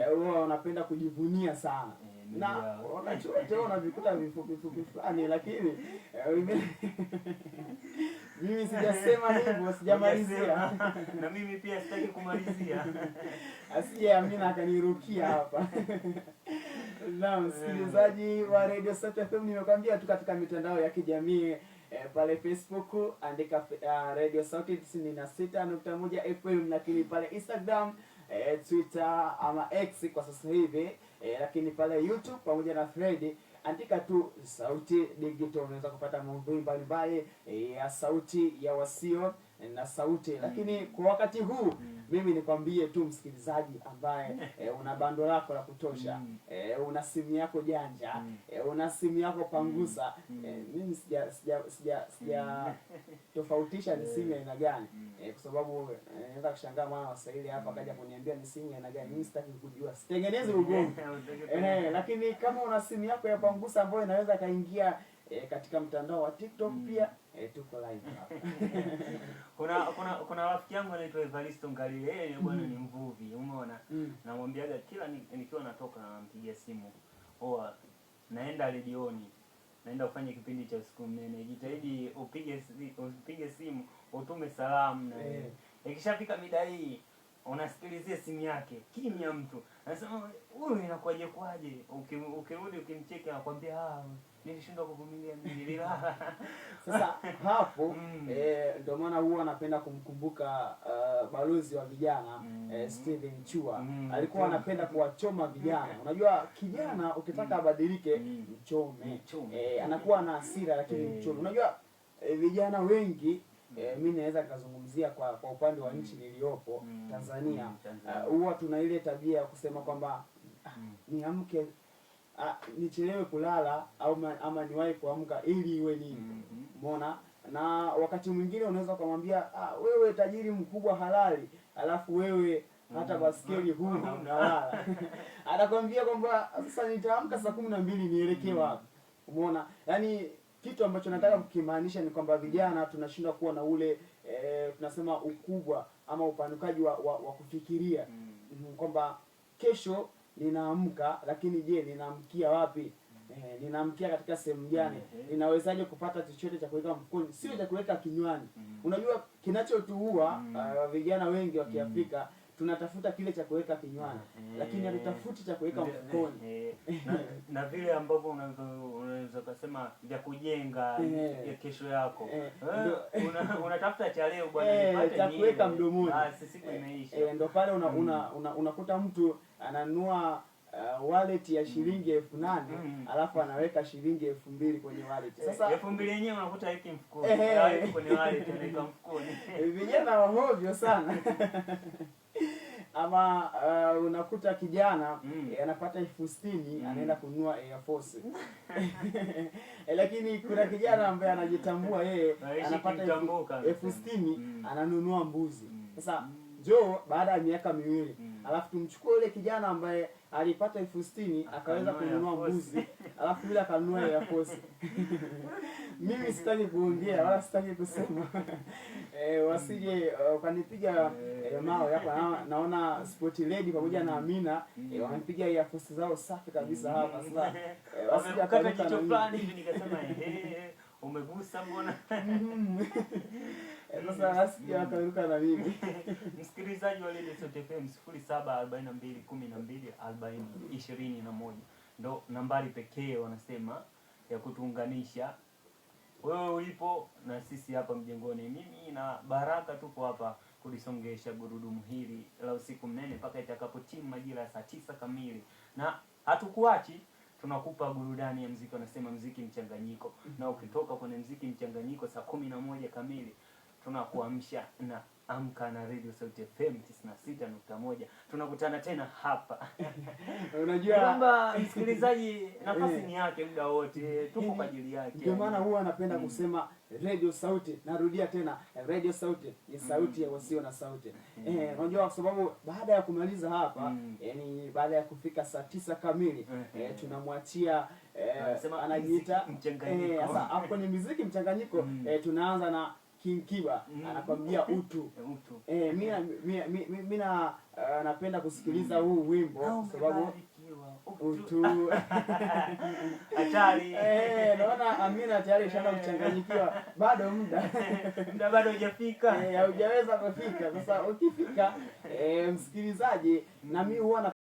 Eh, wanapenda kujivunia sana eh, na unachote wanavikuta vifupi fupi fulani, lakini eh, mimi sijasema hivyo, sijamalizia na mimi pia sitaki kumalizia, asije Amina akanirukia hapa. na msikilizaji wa Radio Sauti nimekwambia tu katika mitandao ya kijamii E, pale Facebook andika uh, Radio Sauti 96.1 FM, lakini pale Instagram e, Twitter ama X kwa sasa hivi e, lakini pale YouTube pamoja na Fred andika tu Sauti Digital, unaweza kupata maudhui mbalimbali eh, ya e, sauti ya wasio na sauti, lakini kwa wakati huu mimi nikwambie tu msikilizaji ambaye e, una bando lako la kutosha mm. e, una simu yako janja mm. e, una simu yako pangusa mm. e, mimi sija sija sija, sija tofautisha ni simu ya aina gani mm. e, kwa sababu e, naweza kushangaa mwana wa Swahili hapa akaja mm. kuniambia ni simu ya aina gani. Mimi sitaki kujua, sitengeneze ugomvi eh, lakini kama una simu yako ya pangusa ambayo inaweza kaingia E, katika mtandao wa TikTok mm. pia e, tuko live hapa. kuna kuna kuna rafiki yangu anaitwa Evaristo Ngalile yeye bwana mm. ni mvuvi, umeona? Mm. Namwambiaga kila nikiwa natoka nampigia simu. Oa naenda redioni. Naenda kufanya kipindi cha usiku mnene. Jitahidi upige upige simu, utume salamu na wewe. Eh. E. Ikishafika mida hii unasikilizia simu yake kimya mtu. Anasema huyu inakuwaje kwaje? Ukirudi ukimcheki anakuambia ah nilishindwa kuvumilia nililala. Sasa hapo mm. eh, ndio maana huwa anapenda kumkumbuka uh, balozi wa vijana mm. eh, Steven Chua mm. alikuwa mm. anapenda kuwachoma vijana. mm. Unajua kijana ukitaka mm. abadilike mm. mchome, mchome. Eh, anakuwa na hasira lakini mm. mchome. Unajua eh, vijana wengi mm. E, eh, mi naweza nikazungumzia kwa kwa upande wa nchi niliyopo mm. Tanzania, ah, huwa uh, tuna ile tabia ya kusema kwamba ah, niamke nichelewe kulala au ama, ama niwahi kuamka ili iwe nini, mhm. umeona mm -hmm. na wakati mwingine unaweza ukamwambia ah, wewe tajiri mkubwa halali, alafu wewe hata mhm. baskeli huu unalala atakwambia kwamba sasa nitaamka saa kumi na mbili nielekee mhm. wapi? Umeona, yaani kitu ambacho nataka kukimaanisha ni kwamba vijana tunashindwa kuwa na ule e, tunasema ukubwa ama upanukaji wa, wa, wa kufikiria mm. kwamba kesho ninaamka, lakini je, ninaamkia wapi? Eh, ninaamkia katika sehemu gani? Mhm. Ninawezaje kupata chochote cha kuweka mfukoni, sio cha kuweka kinywani? Mhm. Unajua kinachotuua uh, vijana wengi wa Kiafrika tunatafuta kile cha kuweka kinywani lakini hatutafuti cha kuweka mfukoni eh, eh. na, na vile ambavyo unavyo unaweza ukasema vya kujenga eh. ya kesho yako. Eh. Eh, unatafuta cha leo bwana, nipate cha kuweka mdomoni, siku imeisha. Ndio pale mm. unakuta mtu ananua Uh, wallet ya mm. shilingi elfu nane mm. Alafu anaweka shilingi elfu mbili kwenye wallet. Sasa elfu mbili yenyewe unakuta iki mfukoni, kwenye wallet anaweka mfukoni. Vijana wa hovyo sana ama uh, unakuta kijana mm. eh, anapata elfu sitini mm. anaenda kununua Air Force eh, lakini kuna kijana ambaye anajitambua yeye anapata elfu sitini mm. ananunua mbuzi mm. sasa mm. Jo baada ya miaka miwili mm. alafu tumchukue yule kijana ambaye alipata elfu sitini akaweza kununua mbuzi alafu bila kanua ya kosi mimi sitaki kuongea wala sitaki kusema eh wasije eh, wakanipiga uh, eh, mawe hapa. Naona Sport Lady pamoja na Amina e, eh, wanipiga ya kosi zao safi kabisa hapa sasa. E, wasije akakata kitu fulani hivi nikasema eh, umegusa mbona sasa asikia akaruka na mimi. Msikilizaji wa Lady Sport FM 0742 12 40 21 ndo nambari pekee wanasema ya kutuunganisha wewe ulipo na sisi hapa mjengoni. Mimi na Baraka tuko hapa kulisongesha gurudumu hili la usiku mnene mpaka itakapotimu majira ya saa tisa kamili, na hatukuachi tunakupa burudani ya mziki, wanasema mziki mchanganyiko, na ukitoka kwenye mziki mchanganyiko saa kumi na moja kamili tunakuamsha na Amka na Radio Sauti FM 96.1. Tunakutana tena hapa. Unajua kwamba msikilizaji eh. nafasi ni yake muda wote. Tuko kwa ajili yake. Ndio maana huwa anapenda mm. kusema Radio Sauti, narudia tena Radio Sauti ni mm. sauti mm. ya wasio na sauti. Mm. Eh, unajua kwa sababu baada ya kumaliza hapa, mm. yani eh, baada ya kufika saa tisa kamili, mm eh, tunamwachia eh, anajiita mchanganyiko. Sasa hapo ni muziki mchanganyiko. Mm. Eh, tunaanza na King mm. anakwambia utu, Eh, mimi eh, na uh, napenda kusikiliza mm. huu wimbo kwa sababu utu hatari. Eh, naona Amina tayari shaka kuchanganyikiwa, bado muda muda bado hujafika, eh haujaweza kufika. Sasa ukifika, eh, msikilizaji, na mimi huwa